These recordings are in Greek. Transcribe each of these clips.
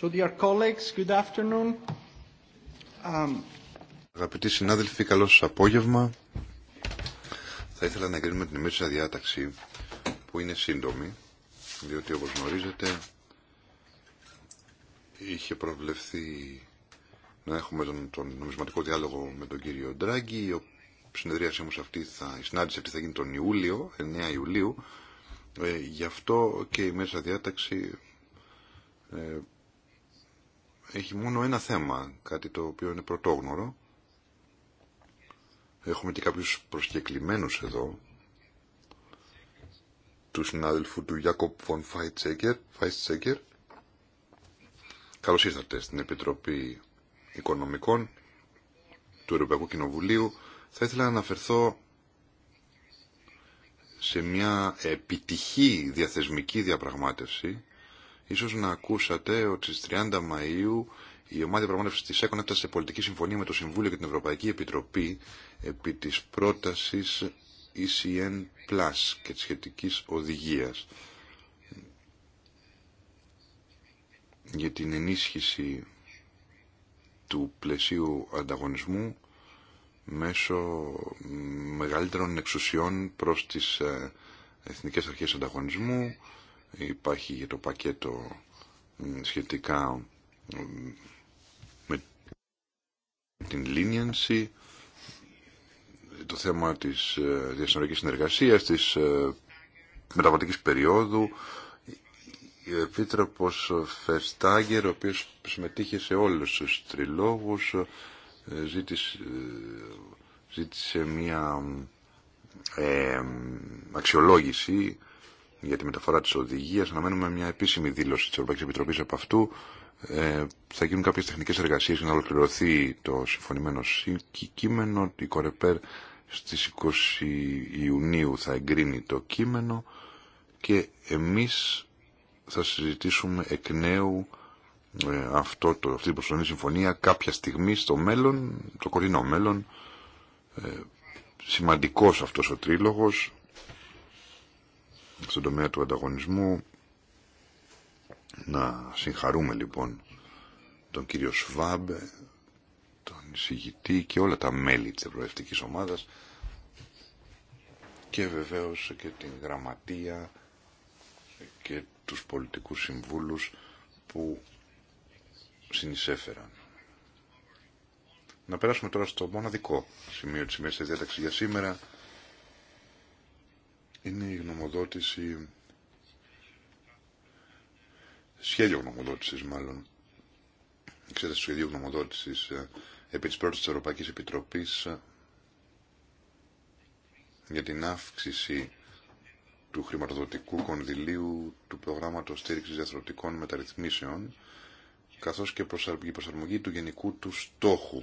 So, dear colleagues, good afternoon. Um, Αγαπητοί συνάδελφοι, καλό σας απόγευμα. Θα ήθελα να εγκρίνουμε την ημέρα διάταξη που είναι σύντομη, διότι όπως γνωρίζετε είχε προβλεφθεί να έχουμε τον, τον νομισματικό διάλογο με τον κύριο Ντράγκη. Η συνεδρίασή όμως αυτή θα, η συνάντηση αυτή θα γίνει τον Ιούλιο, 9 Ιουλίου. Ε, γι' αυτό και η μέσα διάταξη ε, έχει μόνο ένα θέμα, κάτι το οποίο είναι πρωτόγνωρο. Έχουμε και κάποιους προσκεκλημένους εδώ, του συνάδελφου του Ιάκοπ Φον Φάιτσέκερ. Καλώς ήρθατε στην Επιτροπή Οικονομικών του Ευρωπαϊκού Κοινοβουλίου. Θα ήθελα να αναφερθώ σε μια επιτυχή διαθεσμική διαπραγμάτευση Ίσως να ακούσατε ότι στις 30 Μαΐου η ομάδα διαπραγμάτευση τη ΕΚΟΝ έφτασε σε πολιτική συμφωνία με το Συμβούλιο και την Ευρωπαϊκή Επιτροπή επί της πρότασης ECN Plus και της σχετικής οδηγίας για την ενίσχυση του πλαισίου ανταγωνισμού μέσω μεγαλύτερων εξουσιών προς τις ε, εθνικές αρχές ανταγωνισμού υπάρχει για το πακέτο σχετικά με την λίνιανση το θέμα της ε, διασυνορικής συνεργασίας, της ε, μεταβατικής περίοδου. Ο Επίτροπος Φεστάγκερ, ο οποίος συμμετείχε σε όλους τους τριλόγους, ε, ζήτησε, μια αξιολόγηση για τη μεταφορά της οδηγίας. Αναμένουμε μια επίσημη δήλωση τη Ευρωπαϊκή Επιτροπή από αυτού. Ε, θα γίνουν κάποιες τεχνικές εργασίες για να ολοκληρωθεί το συμφωνημένο κείμενο. Η Κορεπέρ στι 20 Ιουνίου θα εγκρίνει το κείμενο και εμείς θα συζητήσουμε εκ νέου ε, αυτό το, αυτή την προσωρινή συμφωνία κάποια στιγμή στο μέλλον, το κορινό μέλλον. Ε, σημαντικός αυτός ο τρίλογος στον τομέα του ανταγωνισμού. Να συγχαρούμε λοιπόν τον κύριο Σβάμπ, τον εισηγητή και όλα τα μέλη της Ευρωευτικής Ομάδας και βεβαίως και την γραμματεία και τους πολιτικούς συμβούλους που συνεισέφεραν. Να περάσουμε τώρα στο μοναδικό σημείο της ημέρας διάταξης για σήμερα είναι η γνωμοδότηση σχέδιο γνωμοδότησης μάλλον εξέταση του σχεδίου γνωμοδότησης ε, επί της πρώτης της Ευρωπαϊκής Επιτροπής ε, για την αύξηση του χρηματοδοτικού κονδυλίου του προγράμματος στήριξης διαθροτικών μεταρρυθμίσεων καθώς και η προσαρμογή του γενικού του στόχου.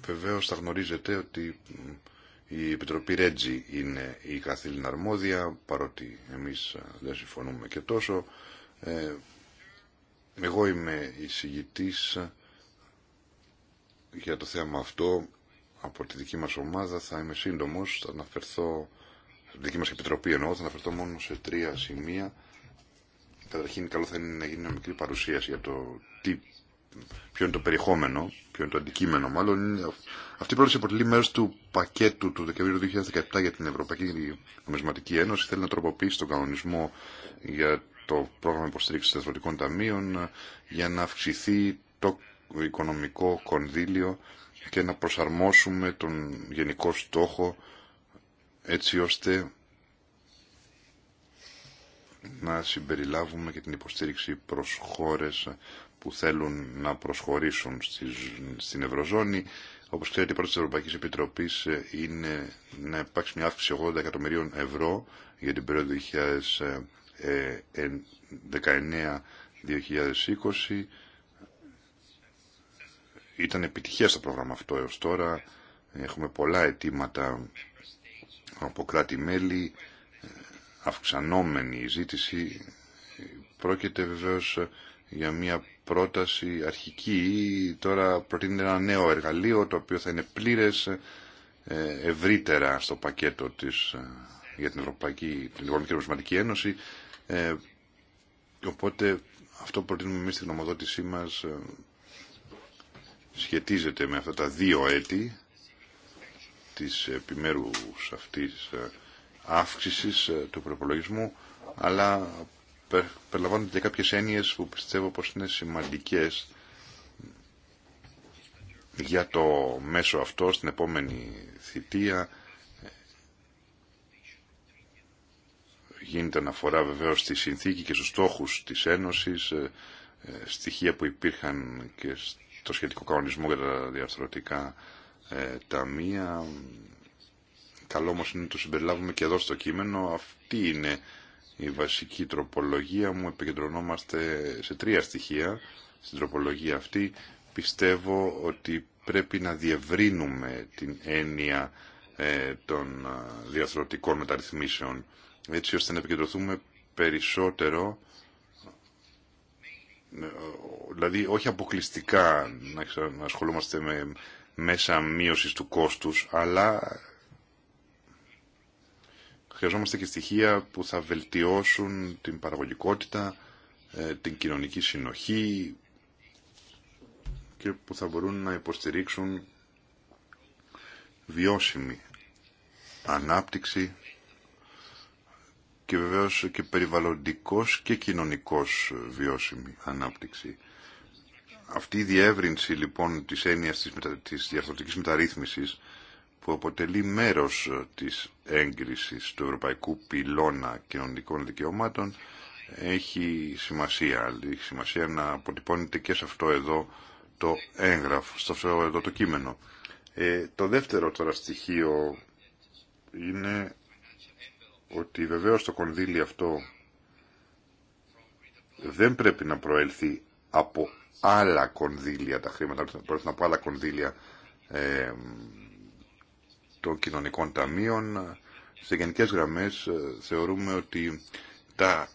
Βεβαίως θα γνωρίζετε ότι η Επιτροπή Ρέτζι είναι η καθήλυνα αρμόδια, παρότι εμείς ε, δεν συμφωνούμε και τόσο. Ε, εγώ είμαι εισηγητής ε, για το θέμα αυτό από τη δική μας ομάδα. Θα είμαι σύντομος, θα αναφερθώ, στη δική μας Επιτροπή εννοώ, θα αναφερθώ μόνο σε τρία σημεία. Καταρχήν καλό θα είναι να γίνει μια μικρή παρουσίαση για το τι ποιο είναι το περιεχόμενο, ποιο είναι το αντικείμενο μάλλον. Αυτή η πρόταση αποτελεί μέρο του πακέτου του Δεκεμβρίου 2017 για την Ευρωπαϊκή Νομισματική Ένωση. Θέλει να τροποποιήσει τον κανονισμό για το πρόγραμμα υποστήριξη των ταμείων για να αυξηθεί το οικονομικό κονδύλιο και να προσαρμόσουμε τον γενικό στόχο έτσι ώστε να συμπεριλάβουμε και την υποστήριξη προς χώρες που θέλουν να προσχωρήσουν στην Ευρωζώνη. Όπως ξέρετε, η πρώτη της Ευρωπαϊκής Επιτροπής ε, είναι να υπάρξει μια αύξηση 80 εκατομμυρίων ευρώ για την περίοδο 2019-2020. Ε, ε, Ήταν επιτυχές το πρόγραμμα αυτό έως τώρα. Έχουμε πολλά αιτήματα από κράτη-μέλη αυξανόμενη η ζήτηση πρόκειται βεβαίως για μια πρόταση αρχική τώρα προτείνεται ένα νέο εργαλείο το οποίο θα είναι πλήρες ε, ευρύτερα στο πακέτο της, ε, για την Ευρωπαϊκή την Ευρωπαϊκή Ένωση ε, οπότε αυτό που προτείνουμε εμείς στην νομοδότησή μας ε, σχετίζεται με αυτά τα δύο έτη της επιμέρους αυτής αύξησης ε, του προπολογισμού, αλλά περιλαμβάνονται και κάποιες έννοιες που πιστεύω πως είναι σημαντικές για το μέσο αυτό στην επόμενη θητεία. Γίνεται αναφορά βεβαίως στη συνθήκη και στους στόχους της Ένωσης, ε, ε, στοιχεία που υπήρχαν και στο σχετικό κανονισμό για τα διαρθρωτικά ταμεία, καλό όμως είναι να το συμπεριλάβουμε και εδώ στο κείμενο. Αυτή είναι η βασική τροπολογία μου. Επικεντρωνόμαστε σε τρία στοιχεία στην τροπολογία αυτή. Πιστεύω ότι πρέπει να διευρύνουμε την έννοια ε, των ε, διαθροτικών μεταρρυθμίσεων έτσι ώστε να επικεντρωθούμε περισσότερο ε, δηλαδή όχι αποκλειστικά να ασχολούμαστε με μέσα μείωσης του κόστους αλλά χρειαζόμαστε και στοιχεία που θα βελτιώσουν την παραγωγικότητα, ε, την κοινωνική συνοχή και που θα μπορούν να υποστηρίξουν βιώσιμη ανάπτυξη και βεβαίως και περιβαλλοντικός και κοινωνικός βιώσιμη ανάπτυξη. Αυτή η διεύρυνση λοιπόν της έννοιας της, μετα... της διαρθρωτικής μεταρρύθμισης που αποτελεί μέρος της έγκρισης του Ευρωπαϊκού Πυλώνα Κοινωνικών Δικαιωμάτων έχει σημασία. Έχει σημασία να αποτυπώνεται και σε αυτό εδώ το έγγραφο, σε αυτό εδώ το κείμενο. Ε, το δεύτερο τώρα στοιχείο είναι ότι βεβαίως το κονδύλι αυτό δεν πρέπει να προέλθει από άλλα κονδύλια, τα χρήματα πρέπει να από άλλα κονδύλια ε, των κοινωνικών ταμείων. Σε γενικές γραμμές ε, θεωρούμε ότι τα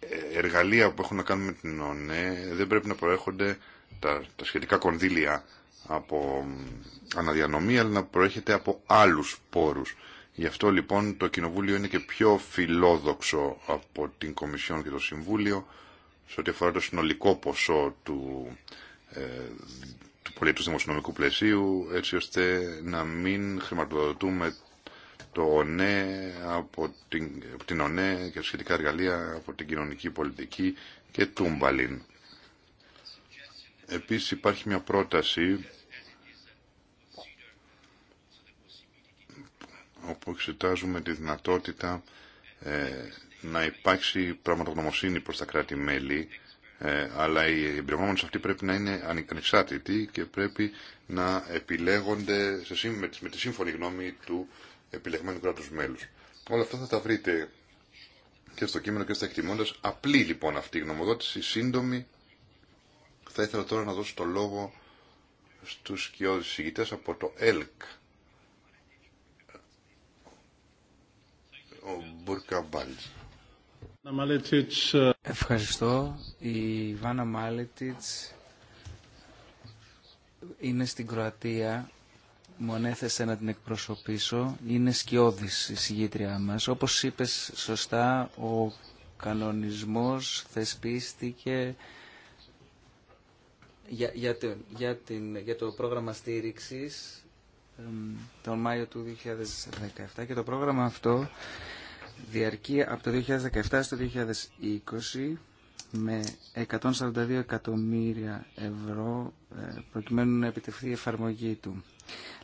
ε, εργαλεία που έχουν να κάνουν με την ΩΝΕ δεν πρέπει να προέρχονται τα, τα σχετικά κονδύλια από αναδιανομή, αλλά να προέρχεται από άλλους πόρους. Γι' αυτό λοιπόν το Κοινοβούλιο είναι και πιο φιλόδοξο από την Κομισιόν και το Συμβούλιο σε ό,τι αφορά το συνολικό ποσό του, ε, του πολιτικού δημοσιονομικού πλαισίου έτσι ώστε να μην χρηματοδοτούμε το ΟΝΕ από την, από την ΟΝΕ και σχετικά εργαλεία από την κοινωνική πολιτική και τούμπαλιν. Επίσης υπάρχει μια πρόταση όπου εξετάζουμε τη δυνατότητα ε, να υπάρξει πραγματογνωμοσύνη προς τα κράτη-μέλη ε, αλλά οι εμπειρογνώμονες αυτοί πρέπει να είναι ανεξάρτητοι και πρέπει να επιλέγονται σε, με, με τη σύμφωνη γνώμη του επιλεγμένου κράτους μέλους. Όλα αυτά θα τα βρείτε και στο κείμενο και στα εκτιμώντας. Απλή λοιπόν αυτή η γνωμοδότηση, σύντομη. Θα ήθελα τώρα να δώσω το λόγο στους κοιόδους από το ΕΛΚ. Ο ε, Ευχαριστώ. Η Βάνα Μάλετιτς είναι στην Κροατία. Μου ανέθεσε να την εκπροσωπήσω. Είναι σκιώδης η συγγήτριά μας. Όπως είπες σωστά, ο κανονισμός θεσπίστηκε για, για, το, για, για το πρόγραμμα στήριξης τον Μάιο του 2017 και το πρόγραμμα αυτό διαρκεί από το 2017 στο 2020 με 142 εκατομμύρια ευρώ ε, προκειμένου να επιτευχθεί η εφαρμογή του.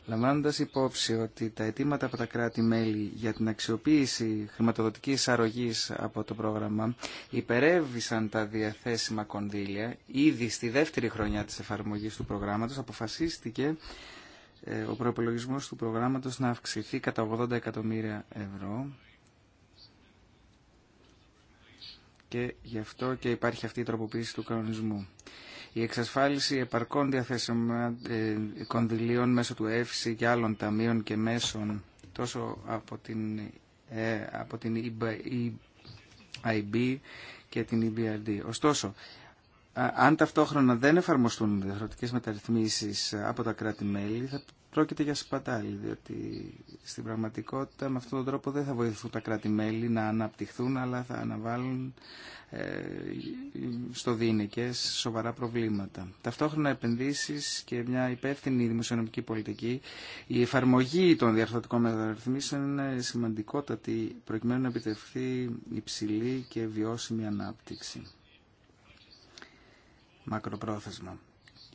Λαμβάνοντας υπόψη ότι τα αιτήματα από τα κράτη-μέλη για την αξιοποίηση χρηματοδοτικής αρρωγής από το πρόγραμμα υπερέβησαν τα διαθέσιμα κονδύλια, ήδη στη δεύτερη χρονιά της εφαρμογής του προγράμματος αποφασίστηκε ε, ο προπολογισμό του προγράμματος να αυξηθεί κατά 80 εκατομμύρια ευρώ και γι' αυτό και υπάρχει αυτή η τροποποίηση του κανονισμού. Η εξασφάλιση επαρκών διαθέσεων ε, κονδυλίων μέσω του ΕΦΣΙ και άλλων ταμείων και μέσων τόσο από την, ε, από την EIB και την EBRD. Ωστόσο, αν ταυτόχρονα δεν εφαρμοστούν διαφορετικέ μεταρρυθμίσεις από τα κράτη-μέλη, πρόκειται για σπατάλη, διότι στην πραγματικότητα με αυτόν τον τρόπο δεν θα βοηθούν τα κράτη-μέλη να αναπτυχθούν, αλλά θα αναβάλουν ε, στο και σοβαρά προβλήματα. Ταυτόχρονα επενδύσεις και μια υπεύθυνη δημοσιονομική πολιτική, η εφαρμογή των διαρθρωτικών μεταρρυθμίσεων είναι σημαντικότατη προκειμένου να επιτευχθεί υψηλή και βιώσιμη ανάπτυξη. Μακροπρόθεσμα.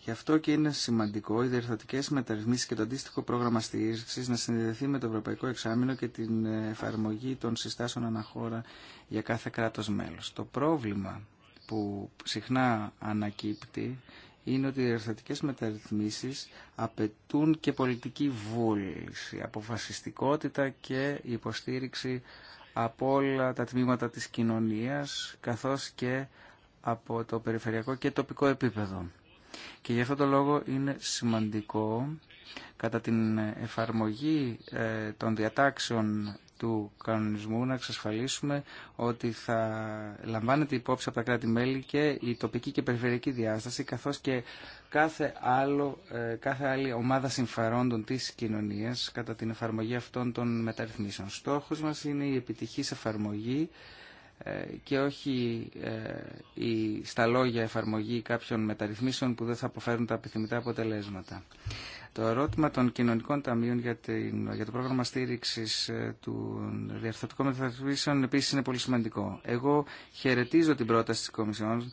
Γι' αυτό και είναι σημαντικό οι διορθωτικέ μεταρρυθμίσει και το αντίστοιχο πρόγραμμα στήριξη να συνδεθεί με το Ευρωπαϊκό Εξάμεινο και την εφαρμογή των συστάσεων αναχώρα για κάθε κράτο μέλο. Το πρόβλημα που συχνά ανακύπτει είναι ότι οι διορθωτικές μεταρρυθμίσεις απαιτούν και πολιτική βούληση, αποφασιστικότητα και υποστήριξη από όλα τα τμήματα της κοινωνίας, καθώς και από το περιφερειακό και τοπικό επίπεδο. Και γι' αυτό το λόγο είναι σημαντικό κατά την εφαρμογή ε, των διατάξεων του κανονισμού να εξασφαλίσουμε ότι θα λαμβάνεται υπόψη από τα κράτη-μέλη και η τοπική και περιφερειακή διάσταση καθώς και κάθε, άλλο, ε, κάθε άλλη ομάδα συμφερόντων της κοινωνίας κατά την εφαρμογή αυτών των μεταρρυθμίσεων. Στόχος μας είναι η επιτυχής εφαρμογή ε, και όχι ε, η, στα λόγια εφαρμογή κάποιων μεταρρυθμίσεων που δεν θα αποφέρουν τα επιθυμητά αποτελέσματα. Το ερώτημα των κοινωνικών ταμείων για, την, για το πρόγραμμα στήριξη ε, των διαρθρωτικών μεταρρυθμίσεων επίση είναι πολύ σημαντικό. Εγώ χαιρετίζω την πρόταση τη Κομισιόν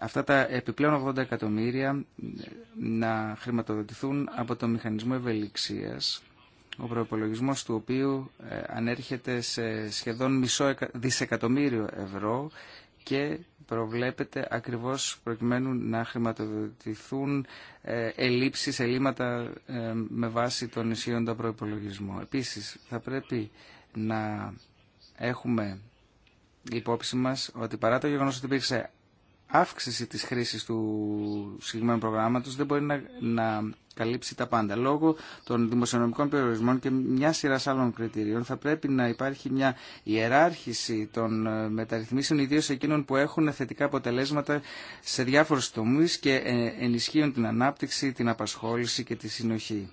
αυτά τα επιπλέον 80 εκατομμύρια να χρηματοδοτηθούν από το Μηχανισμό Ευελιξίας ο προϋπολογισμός του οποίου ε, ανέρχεται σε σχεδόν μισό δισεκατομμύριο ευρώ και προβλέπεται ακριβώς προκειμένου να χρηματοδοτηθούν ε, ελλείψεις, ελλείμματα ε, με βάση τον ισχύοντα προϋπολογισμό. Επίσης, θα πρέπει να έχουμε υπόψη μας ότι παρά το γεγονός ότι υπήρξε αύξηση της χρήσης του συγκεκριμένου προγράμματος δεν μπορεί να καλύψει τα πάντα. Λόγω των δημοσιονομικών περιορισμών και μια σειρά άλλων κριτηρίων θα πρέπει να υπάρχει μια ιεράρχηση των ε, μεταρρυθμίσεων, ιδίω εκείνων που έχουν θετικά αποτελέσματα σε διάφορου τομεί και ε, ενισχύουν την ανάπτυξη, την απασχόληση και τη συνοχή.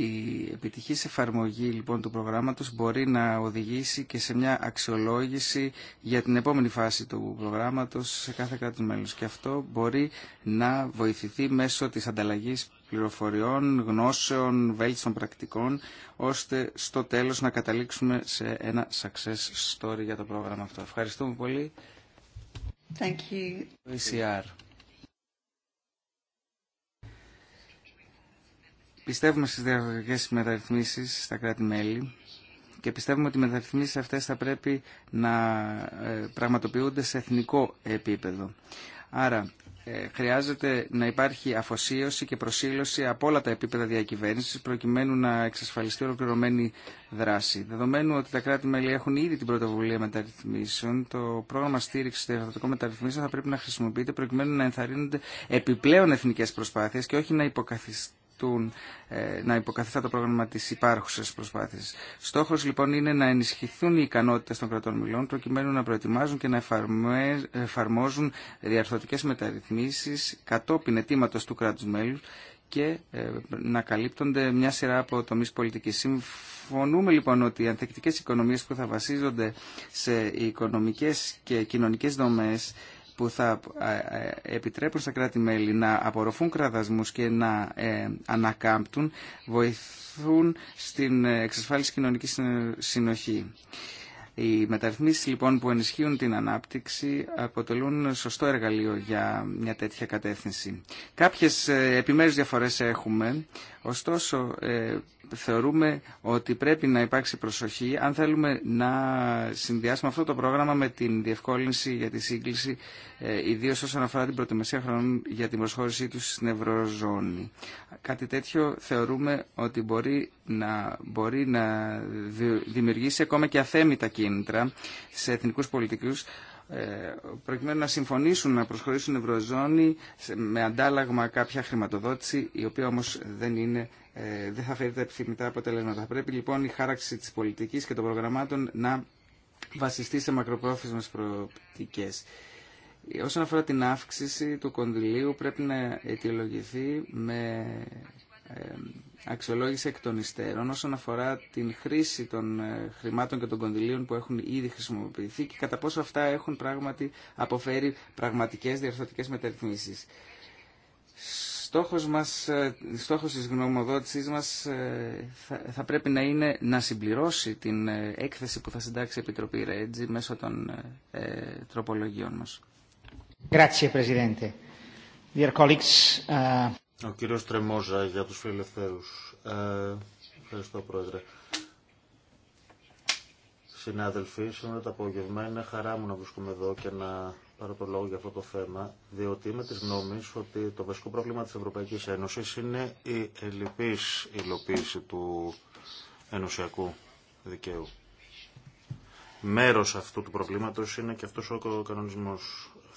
Η επιτυχής εφαρμογή λοιπόν του προγράμματος μπορεί να οδηγήσει και σε μια αξιολόγηση για την επόμενη φάση του προγράμματος σε κάθε κράτος μέλος. Και αυτό μπορεί να βοηθηθεί μέσω της ανταλλαγής πληροφοριών, γνώσεων, βέλτιστων πρακτικών, ώστε στο τέλος να καταλήξουμε σε ένα success story για το πρόγραμμα αυτό. Ευχαριστούμε πολύ. Thank you. Πιστεύουμε στις διαδοχικές μεταρρυθμίσεις στα κράτη-μέλη και πιστεύουμε ότι οι μεταρρυθμίσεις αυτές θα πρέπει να ε, πραγματοποιούνται σε εθνικό επίπεδο. Άρα ε, χρειάζεται να υπάρχει αφοσίωση και προσήλωση από όλα τα επίπεδα διακυβέρνησης προκειμένου να εξασφαλιστεί ολοκληρωμένη δράση. Δεδομένου ότι τα κράτη-μέλη έχουν ήδη την πρωτοβουλία μεταρρυθμίσεων, το πρόγραμμα στήριξη των ευρωπαϊκών μεταρρυθμίσεων θα πρέπει να χρησιμοποιείται προκειμένου να ενθαρρύνονται επιπλέον εθνικέ προσπάθειε και όχι να υποκαθιστούν ε, να υποκαθιστά το πρόγραμμα τη υπάρχουσα προσπάθειας. Στόχος λοιπόν είναι να ενισχυθούν οι ικανότητε των κρατών μιλών προκειμένου να προετοιμάζουν και να εφαρμόζουν διαρθωτικέ μεταρρυθμίσεις κατόπιν αιτήματο του κράτου μέλου και ε, να καλύπτονται μια σειρά από τομείς πολιτικής. Συμφωνούμε λοιπόν ότι οι ανθεκτικές οικονομίε που θα βασίζονται σε οικονομικέ και κοινωνικέ δομέ που θα ε, ε, επιτρέπουν στα κράτη-μέλη να απορροφούν κραδασμούς και να ε, ανακάμπτουν βοηθούν στην εξασφάλιση κοινωνικής συνοχή. Οι μεταρρυθμίσεις λοιπόν που ενισχύουν την ανάπτυξη αποτελούν σωστό εργαλείο για μια τέτοια κατεύθυνση. Κάποιες επιμέρους διαφορές έχουμε Ωστόσο, ε, θεωρούμε ότι πρέπει να υπάρξει προσοχή αν θέλουμε να συνδυάσουμε αυτό το πρόγραμμα με την διευκόλυνση για τη σύγκληση, ε, ιδίω όσον αφορά την προετοιμασία χρόνων για την προσχώρησή του στην Ευρωζώνη. Κάτι τέτοιο θεωρούμε ότι μπορεί να, μπορεί να δημιουργήσει ακόμα και αθέμητα κίνητρα σε εθνικού πολιτικού ε, προκειμένου να συμφωνήσουν να προσχωρήσουν Ευρωζώνη με αντάλλαγμα κάποια χρηματοδότηση η οποία όμως δεν, είναι, ε, δεν θα φέρει τα επιθυμητά αποτελέσματα. Θα πρέπει λοιπόν η χάραξη της πολιτικής και των προγραμμάτων να βασιστεί σε μακροπρόθεσμες προοπτικές. Όσον αφορά την αύξηση του κονδυλίου πρέπει να αιτιολογηθεί με ε, αξιολόγηση εκ των υστέρων όσον αφορά την χρήση των ε, χρημάτων και των κονδυλίων που έχουν ήδη χρησιμοποιηθεί και κατά πόσο αυτά έχουν πράγματι αποφέρει πραγματικές διαρθρωτικές μεταρρυθμίσεις. Στόχος, μας, ε, στόχος της γνωμοδότησής μας θα, πρέπει να είναι να συμπληρώσει την έκθεση που θα συντάξει η Επιτροπή Ρέτζι μέσω των τροπολογιών μας. Grazie, uh, ο κύριος Τρεμόζα για τους φιλελευθέρους. Ε, ευχαριστώ πρόεδρε. Συνάδελφοι, σήμερα το απόγευμα είναι χαρά μου να βρίσκομαι εδώ και να πάρω το λόγο για αυτό το θέμα, διότι είμαι τη γνώμη ότι το βασικό πρόβλημα τη Ευρωπαϊκή Ένωση είναι η ελλειπή υλοποίηση του ενωσιακού δικαίου. Μέρο αυτού του προβλήματο είναι και αυτό ο κανονισμό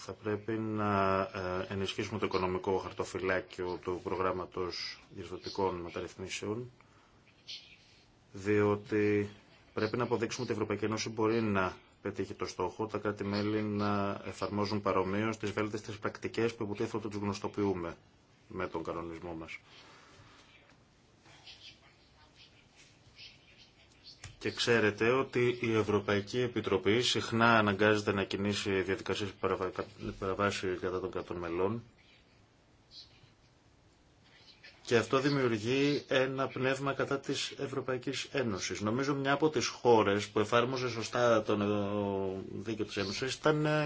θα πρέπει να ε, ενισχύσουμε το οικονομικό χαρτοφυλάκιο του προγράμματος διευθυντικών μεταρρυθμίσεων, διότι πρέπει να αποδείξουμε ότι η Ευρωπαϊκή Ένωση μπορεί να πετύχει το στόχο, τα κράτη-μέλη να εφαρμόζουν παρομοίως τις βέλτιστες πρακτικές που υποτίθεται ότι τους γνωστοποιούμε με τον κανονισμό μας. Και ξέρετε ότι η Ευρωπαϊκή Επιτροπή συχνά αναγκάζεται να κινήσει διαδικασίες παραβάσεων παραβάσει κατά των κρατών μελών και αυτό δημιουργεί ένα πνεύμα κατά της Ευρωπαϊκής Ένωσης. Νομίζω μια από τις χώρες που εφάρμοζε σωστά το δίκαιο της Ένωσης ήταν ε,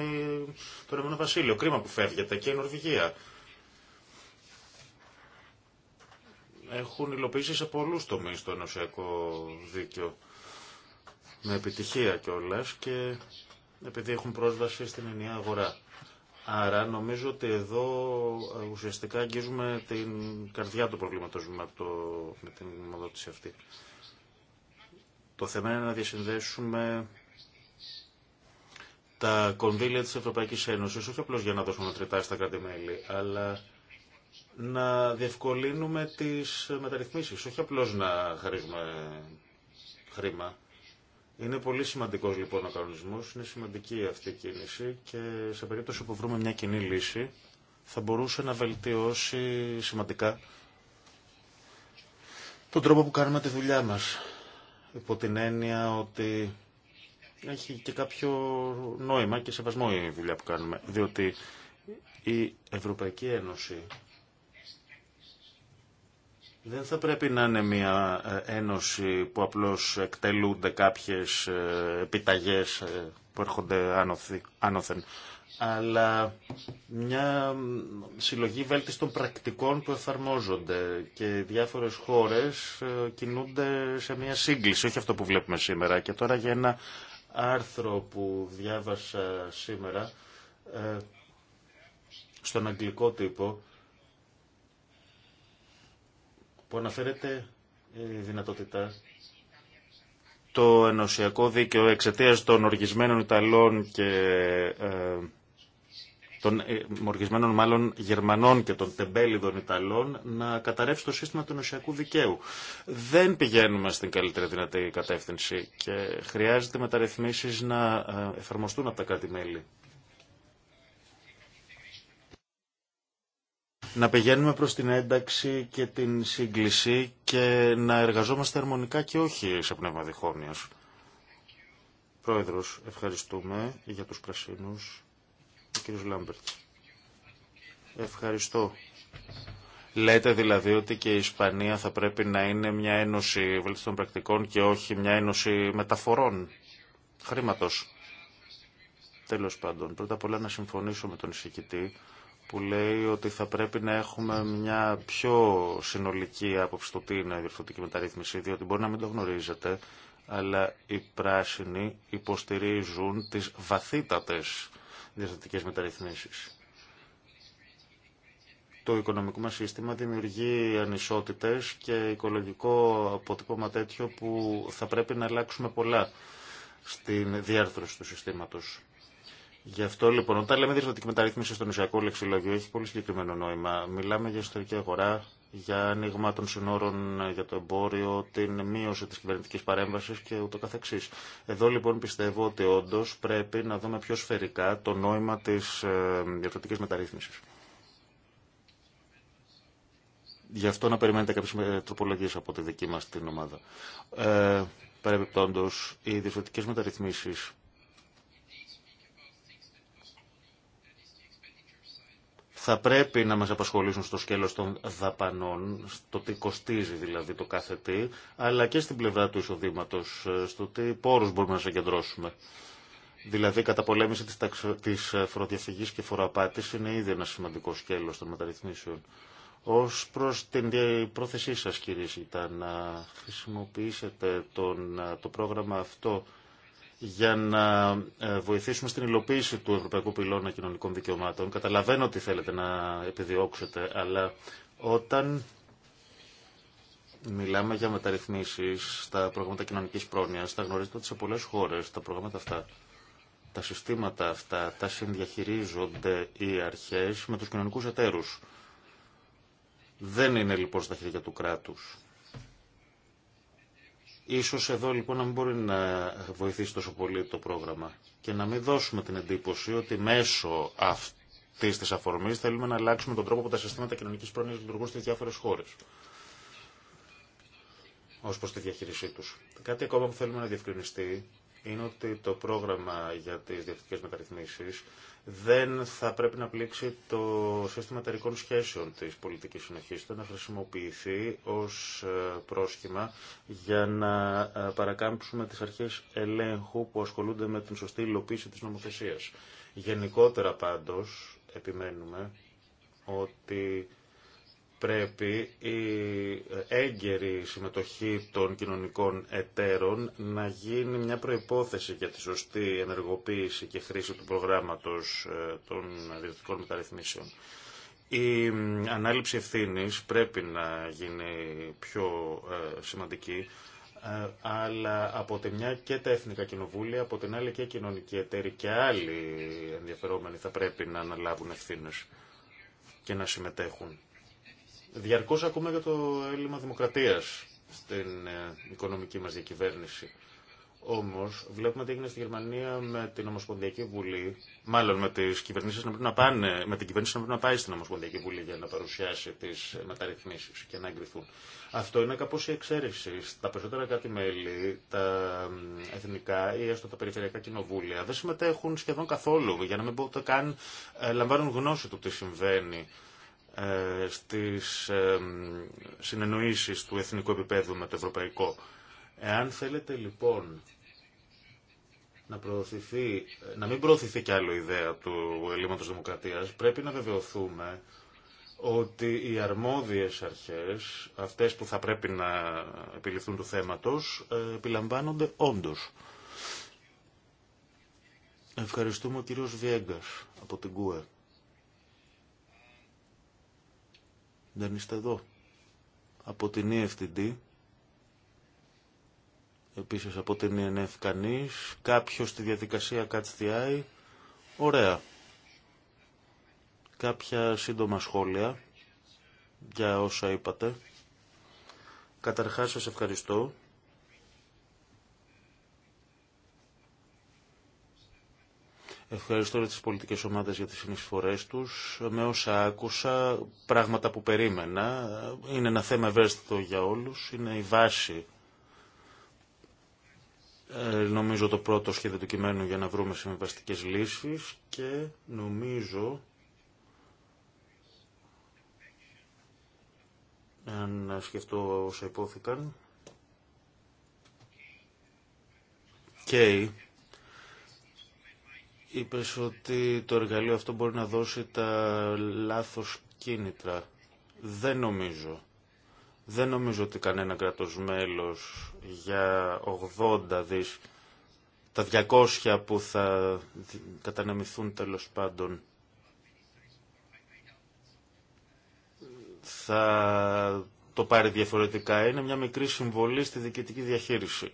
το Ρωμανό Βασίλειο. Κρίμα που φεύγεται και η Νορβηγία. Έχουν υλοποιήσει σε πολλούς τομείς το ενωσιακό δίκαιο με επιτυχία κιόλα και επειδή έχουν πρόσβαση στην ενιαία αγορά. Άρα νομίζω ότι εδώ ε, ουσιαστικά αγγίζουμε την καρδιά του προβλήματος με, το, με την ομοδότηση αυτή. Το θέμα είναι να διασυνδέσουμε τα κονδύλια της Ευρωπαϊκής Ένωσης, όχι απλώς για να δώσουμε τριτά στα κράτη-μέλη, αλλά να διευκολύνουμε τις μεταρρυθμίσεις, όχι απλώς να χαρίζουμε χρήμα. Είναι πολύ σημαντικό λοιπόν ο κανονισμό, είναι σημαντική αυτή η κίνηση και σε περίπτωση που βρούμε μια κοινή λύση θα μπορούσε να βελτιώσει σημαντικά τον τρόπο που κάνουμε τη δουλειά μα. Υπό την έννοια ότι έχει και κάποιο νόημα και σεβασμό η δουλειά που κάνουμε. Διότι η Ευρωπαϊκή Ένωση δεν θα πρέπει να είναι μια ε, ένωση που απλώς εκτελούνται κάποιες ε, επιταγές ε, που έρχονται άνωθεν, αλλά μια συλλογή βέλτιστων πρακτικών που εφαρμόζονται και διάφορες χώρες κινούνται σε μια σύγκληση, όχι αυτό που βλέπουμε σήμερα. Και τώρα για ένα άρθρο που διάβασα σήμερα στον αγγλικό τύπο, που αναφέρεται ε, η δυνατότητα το ενωσιακό δίκαιο εξαιτία των οργισμένων Ιταλών και ε, των ε, μάλλον Γερμανών και των τεμπέλιδων Ιταλών να καταρρεύσει το σύστημα του ενωσιακού δικαίου. Δεν πηγαίνουμε στην καλύτερη δυνατή κατεύθυνση και χρειάζεται μεταρρυθμίσεις να ε, εφαρμοστούν από τα κράτη-μέλη. να πηγαίνουμε προς την ένταξη και την σύγκληση και να εργαζόμαστε αρμονικά και όχι σε πνεύμα διχόνοιας. Πρόεδρος, ευχαριστούμε για τους πρασίνους. Ο κύριος Λάμπερτ. Ευχαριστώ. Λέτε δηλαδή ότι και η Ισπανία θα πρέπει να είναι μια ένωση βελτιστών πρακτικών και όχι μια ένωση μεταφορών χρήματος. Τέλος πάντων, πρώτα απ' όλα να συμφωνήσω με τον εισηγητή που λέει ότι θα πρέπει να έχουμε μια πιο συνολική άποψη του τι είναι η διευθυντική μεταρρύθμιση, διότι μπορεί να μην το γνωρίζετε, αλλά οι πράσινοι υποστηρίζουν τις βαθύτατες διορθωτικές μεταρρυθμίσεις. Το οικονομικό μας σύστημα δημιουργεί ανισότητες και οικολογικό αποτύπωμα τέτοιο που θα πρέπει να αλλάξουμε πολλά στην διάρθρωση του συστήματος. Γι' αυτό λοιπόν, όταν λέμε διευθυντική μεταρρύθμιση στον νησιακό λεξιλόγιο, έχει πολύ συγκεκριμένο νόημα. Μιλάμε για ιστορική αγορά, για άνοιγμα των συνόρων ε, για το εμπόριο, την μείωση τη κυβερνητική παρέμβαση και ούτω καθεξή. Εδώ λοιπόν πιστεύω ότι όντω πρέπει να δούμε πιο σφαιρικά το νόημα τη ε, μεταρρύθμιση. Γι' αυτό να περιμένετε κάποιε τροπολογίε από τη δική μα την ομάδα. Ε, Παρεμπιπτόντω, οι διευθυντικέ μεταρρυθμίσει. θα πρέπει να μας απασχολήσουν στο σκέλος των δαπανών, στο τι κοστίζει δηλαδή το κάθε τι, αλλά και στην πλευρά του εισοδήματος, ε, στο τι πόρους μπορούμε να συγκεντρώσουμε. Δηλαδή, η καταπολέμηση της, της ε, φοροδιαφυγής και φοροαπάτης είναι ήδη ένα σημαντικό σκέλος των μεταρρυθμίσεων. Ως προς την πρόθεσή σας, κύριε Σιτά, να χρησιμοποιήσετε τον, ε, το πρόγραμμα αυτό για να ε, βοηθήσουμε στην υλοποίηση του Ευρωπαϊκού Πυλώνα Κοινωνικών Δικαιωμάτων. Καταλαβαίνω ότι θέλετε να επιδιώξετε, αλλά όταν μιλάμε για μεταρρυθμίσεις στα προγράμματα κοινωνικής πρόνοιας, τα γνωρίζετε ότι σε πολλές χώρες τα προγράμματα αυτά, τα συστήματα αυτά, τα συνδιαχειρίζονται οι αρχές με τους κοινωνικούς εταίρους. Δεν είναι λοιπόν στα χέρια του κράτους. Ίσως εδώ λοιπόν να μην μπορεί να βοηθήσει τόσο πολύ το πρόγραμμα και να μην δώσουμε την εντύπωση ότι μέσω αυτής της αφορμή θέλουμε να αλλάξουμε τον τρόπο που τα συστήματα κοινωνικής πρόνοιας λειτουργούν στις διάφορες χώρες ως προς τη διαχείρισή του. Κάτι ακόμα που θέλουμε να διευκρινιστεί είναι ότι το πρόγραμμα για τις διευθυντικές μεταρρυθμίσεις δεν θα πρέπει να πλήξει το σύστημα εταιρικών σχέσεων της πολιτικής συνοχής, το να χρησιμοποιηθεί ως ε, πρόσχημα για να ε, παρακάμψουμε τις αρχές ελέγχου που ασχολούνται με την σωστή υλοποίηση της νομοθεσίας. Γενικότερα πάντως επιμένουμε ότι πρέπει η έγκαιρη συμμετοχή των κοινωνικών εταίρων να γίνει μια προϋπόθεση για τη σωστή ενεργοποίηση και χρήση του προγράμματος ε, των διευθυντικών μεταρρυθμίσεων. Η ανάληψη ευθύνης πρέπει να γίνει πιο ε, σημαντική ε, αλλά από τη μια και τα εθνικά κοινοβούλια, από την άλλη και οι κοινωνικοί εταίροι και άλλοι ενδιαφερόμενοι θα πρέπει να αναλάβουν ευθύνες και να συμμετέχουν. Διαρκώς ακούμε για το έλλειμμα δημοκρατίας στην ε, οικονομική μας διακυβέρνηση. Όμως βλέπουμε τι έγινε στη Γερμανία με την Ομοσπονδιακή Βουλή, μάλλον με, τις κυβερνήσεις να να πάνε, με την κυβέρνηση να πρέπει να πάει στην Ομοσπονδιακή Βουλή για να παρουσιάσει τις μεταρρυθμίσεις και να εγκριθούν. Αυτό είναι κάπως η εξαίρεση. Τα περισσότερα κάτι μέλη, τα εθνικά ή έστω τα περιφερειακά κοινοβούλια δεν συμμετέχουν σχεδόν καθόλου, για να μην πω καν ε, λαμβάνουν γνώση του τι συμβαίνει ε, στις ε, συνεννοήσεις του εθνικού επίπεδου με το ευρωπαϊκό. Εάν θέλετε λοιπόν να, προωθηθεί, να μην προωθηθεί κι άλλο ιδέα του ελλείμματος δημοκρατίας, πρέπει να βεβαιωθούμε ότι οι αρμόδιες αρχές, αυτές που θα πρέπει να επιληφθούν του θέματος, ε, επιλαμβάνονται όντως. Ευχαριστούμε ο κύριος Βιέγκας από την ΚΟΕΚ. δεν είστε εδώ. Από την EFTD, επίσης από την ENF κανείς, κάποιος στη διαδικασία CATSTI, ωραία. Κάποια σύντομα σχόλια για όσα είπατε. Καταρχάς σας ευχαριστώ Ευχαριστώ όλες τις πολιτικές ομάδες για τις συνεισφορές τους. Με όσα άκουσα, πράγματα που περίμενα. Είναι ένα θέμα ευαίσθητο για όλους. Είναι η βάση, ε, νομίζω, το πρώτο σχέδιο του κειμένου για να βρούμε συμβαστικές λύσεις και νομίζω... αν σκεφτώ όσα υπόθηκαν. Και Είπες ότι το εργαλείο αυτό μπορεί να δώσει τα λάθος κίνητρα. Δεν νομίζω. Δεν νομίζω ότι κανένα κράτος για 80 δις, τα 200 που θα κατανεμηθούν τέλος πάντων, θα το πάρει διαφορετικά. Είναι μια μικρή συμβολή στη διοικητική διαχείριση.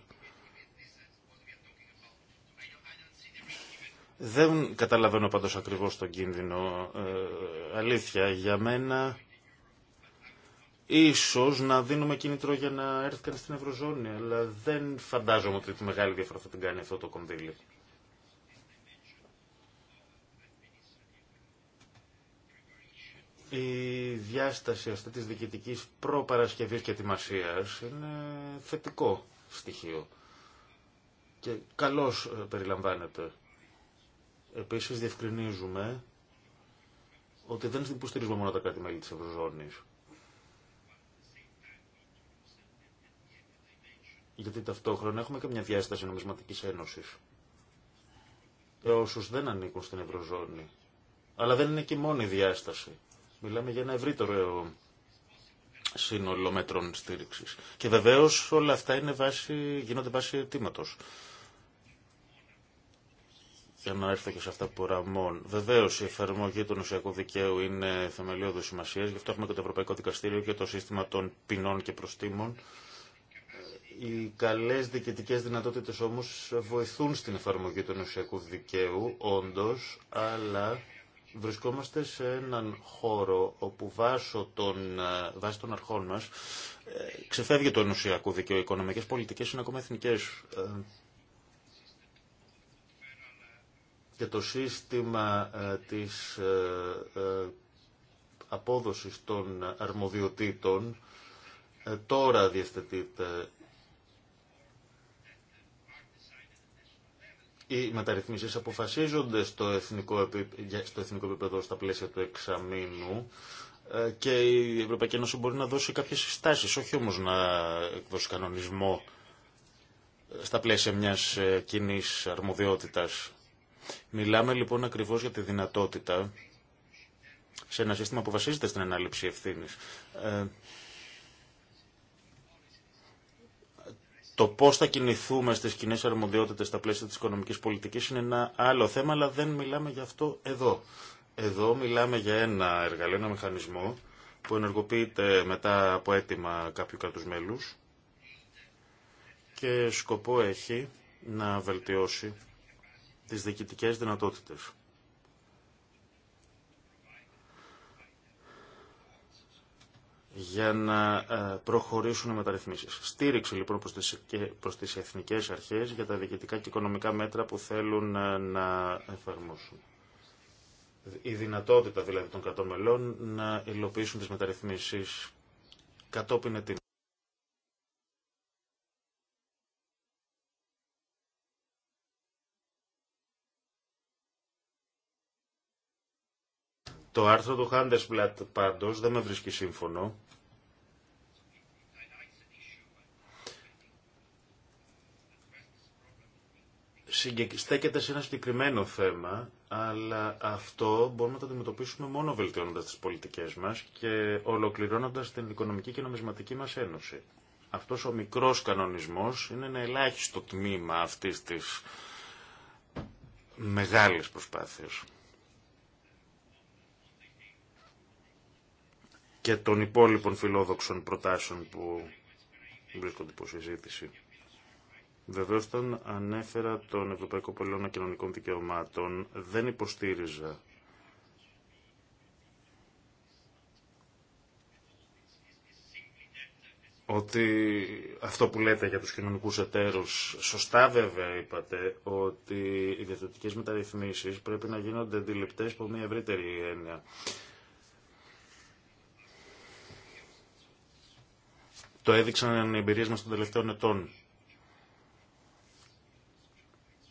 Δεν καταλαβαίνω πάντως ακριβώς τον κίνδυνο. Ε, αλήθεια, για μένα ίσως να δίνουμε κίνητρο για να έρθει κανείς στην Ευρωζώνη, αλλά δεν φαντάζομαι ότι τη μεγάλη διαφορά θα την κάνει αυτό το κονδύλι. Η διάσταση αυτή της διοικητικής προπαρασκευής και ετοιμασίας είναι θετικό στοιχείο και καλώς ε, περιλαμβάνεται Επίσης διευκρινίζουμε ότι δεν υποστηρίζουμε μόνο τα κράτη-μέλη της Ευρωζώνης. Γιατί ταυτόχρονα έχουμε και μια διάσταση νομισματικής ένωσης. Για όσους δεν ανήκουν στην Ευρωζώνη. Αλλά δεν είναι και η μόνη διάσταση. Μιλάμε για ένα ευρύτερο σύνολο μέτρων στήριξης. Και βεβαίως όλα αυτά είναι βάση, γίνονται βάση αιτήματος για να έρθω και σε αυτά που ραμών. Βεβαίω, η εφαρμογή του νοσιακού δικαίου είναι θεμελιώδη σημασία, γι' αυτό έχουμε και το Ευρωπαϊκό Δικαστήριο και το σύστημα των ποινών και προστήμων. Οι καλέ διοικητικέ δυνατότητε όμω βοηθούν στην εφαρμογή του νοσιακού δικαίου, όντω, αλλά βρισκόμαστε σε έναν χώρο όπου βάσω των, ε, βάσει των αρχών μα ε, ξεφεύγει το νοσιακό δικαίου. Οι οικονομικές πολιτικές είναι ακόμα εθνικέ. Ε, και το σύστημα ε, της ε, ε, απόδοσης των αρμοδιοτήτων τώρα διευθετείται οι μεταρρυθμίσεις αποφασίζονται στο εθνικό, επίπεδο, στο εθνικό επίπεδο στα πλαίσια του εξαμήνου και η Ευρωπαϊκή Ένωση μπορεί να δώσει κάποιες συστάσεις, όχι όμως να εκδώσει κανονισμό στα πλαίσια μιας κοινή αρμοδιότητας. Μιλάμε λοιπόν ακριβώς για τη δυνατότητα σε ένα σύστημα που βασίζεται στην ανάληψη ευθύνη. Ε, το πώς θα κινηθούμε στις κοινέ αρμοδιότητες στα πλαίσια της οικονομικής πολιτικής είναι ένα άλλο θέμα, αλλά δεν μιλάμε για αυτό εδώ. Εδώ μιλάμε για ένα εργαλείο, ένα μηχανισμό που ενεργοποιείται μετά από αίτημα κάποιου κράτου μέλους και σκοπό έχει να βελτιώσει τις διοικητικές δυνατότητες. για να ε, προχωρήσουν οι μεταρρυθμίσεις. Στήριξη λοιπόν προς τις, προς τις εθνικές αρχές για τα διοικητικά και οικονομικά μέτρα που θέλουν ε, να εφαρμόσουν. Η δυνατότητα δηλαδή των κρατών μελών να υλοποιήσουν τις μεταρρυθμίσεις κατόπιν ετήν. Το άρθρο του Handelsblatt πάντως δεν με βρίσκει σύμφωνο. Στέκεται σε ένα συγκεκριμένο θέμα, αλλά αυτό μπορούμε να το αντιμετωπίσουμε μόνο βελτιώνοντας τις πολιτικές μας και ολοκληρώνοντας την οικονομική και νομισματική μας ένωση. Αυτός ο μικρός κανονισμός είναι ένα ελάχιστο τμήμα αυτής της μεγάλης προσπάθειας. και των υπόλοιπων φιλόδοξων προτάσεων που βρίσκονται υπό συζήτηση. Βεβαίω, όταν ανέφερα τον Ευρωπαϊκό Πολιόνα Κοινωνικών Δικαιωμάτων, δεν υποστήριζα ότι αυτό που λέτε για τους κοινωνικούς εταίρους, σωστά βέβαια είπατε, ότι οι διαθετικές μεταρρυθμίσεις πρέπει να γίνονται αντιληπτές από μια ευρύτερη έννοια. Το έδειξαν οι εμπειρίες μας των τελευταίων ετών.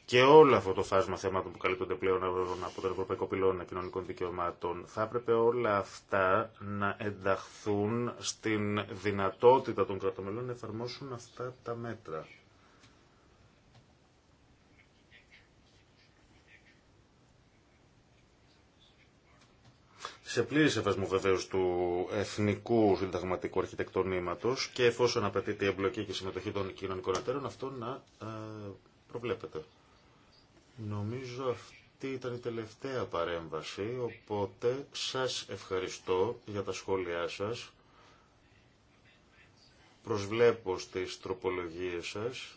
Και όλο αυτό το φάσμα θεμάτων που καλύπτονται πλέον από τον Ευρωπαϊκό Πυλόν Κοινωνικών Δικαιωμάτων θα έπρεπε όλα αυτά να ενταχθούν στην δυνατότητα των κρατομελών να εφαρμόσουν αυτά τα μέτρα. σε πλήρη σεβασμό βεβαίω του εθνικού συνταγματικού αρχιτεκτονήματο και εφόσον απαιτείται η εμπλοκή και η συμμετοχή των κοινωνικών εταίρων, αυτό να ε, προβλέπεται. Νομίζω αυτή ήταν η τελευταία παρέμβαση, οπότε σας ευχαριστώ για τα σχόλιά σας. Προσβλέπω στις τροπολογίες σας.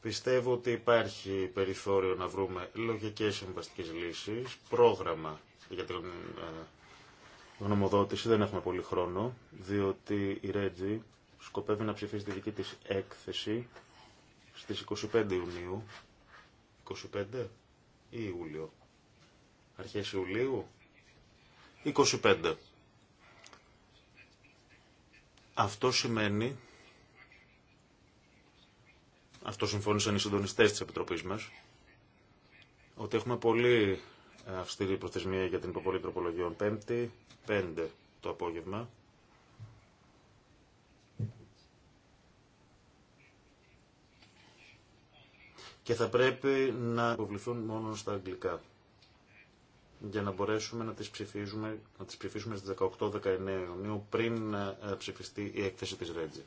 Πιστεύω ότι υπάρχει περιθώριο να βρούμε λογικές συμβαστικές λύσεις, πρόγραμμα για την ε, γνωμοδότηση. Δεν έχουμε πολύ χρόνο, διότι η Ρέτζη σκοπεύει να ψηφίσει τη δική της έκθεση στις 25 Ιουνίου. 25 ή Ιούλιο. Αρχές Ιουλίου. 25. Αυτό σημαίνει, αυτό συμφώνησαν οι συντονιστές της Επιτροπής μας, ότι έχουμε πολύ Αυστηρή προθεσμία για την υποβολή τροπολογιών 5η, 5 το απόγευμα. Και θα πρέπει να υποβληθούν μόνο στα αγγλικά για να μπορέσουμε να τις ψηφίσουμε, να τις ψηφίσουμε στις 18-19 Ιουνίου πριν ε, ψηφιστεί η έκθεση της Ρέτζη.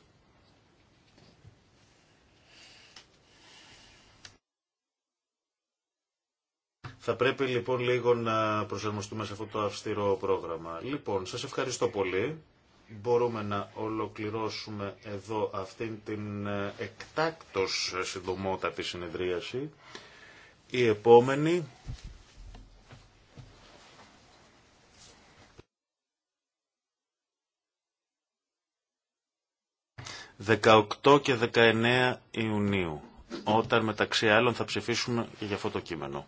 Θα πρέπει λοιπόν λίγο να προσαρμοστούμε σε αυτό το αυστηρό πρόγραμμα. Λοιπόν, σας ευχαριστώ πολύ. Μπορούμε να ολοκληρώσουμε εδώ αυτήν την ε, εκτάκτος συντομότατη συνεδρίαση. Η επόμενη... ...18 και 19 Ιουνίου, όταν μεταξύ άλλων θα ψηφίσουμε για αυτό το κείμενο.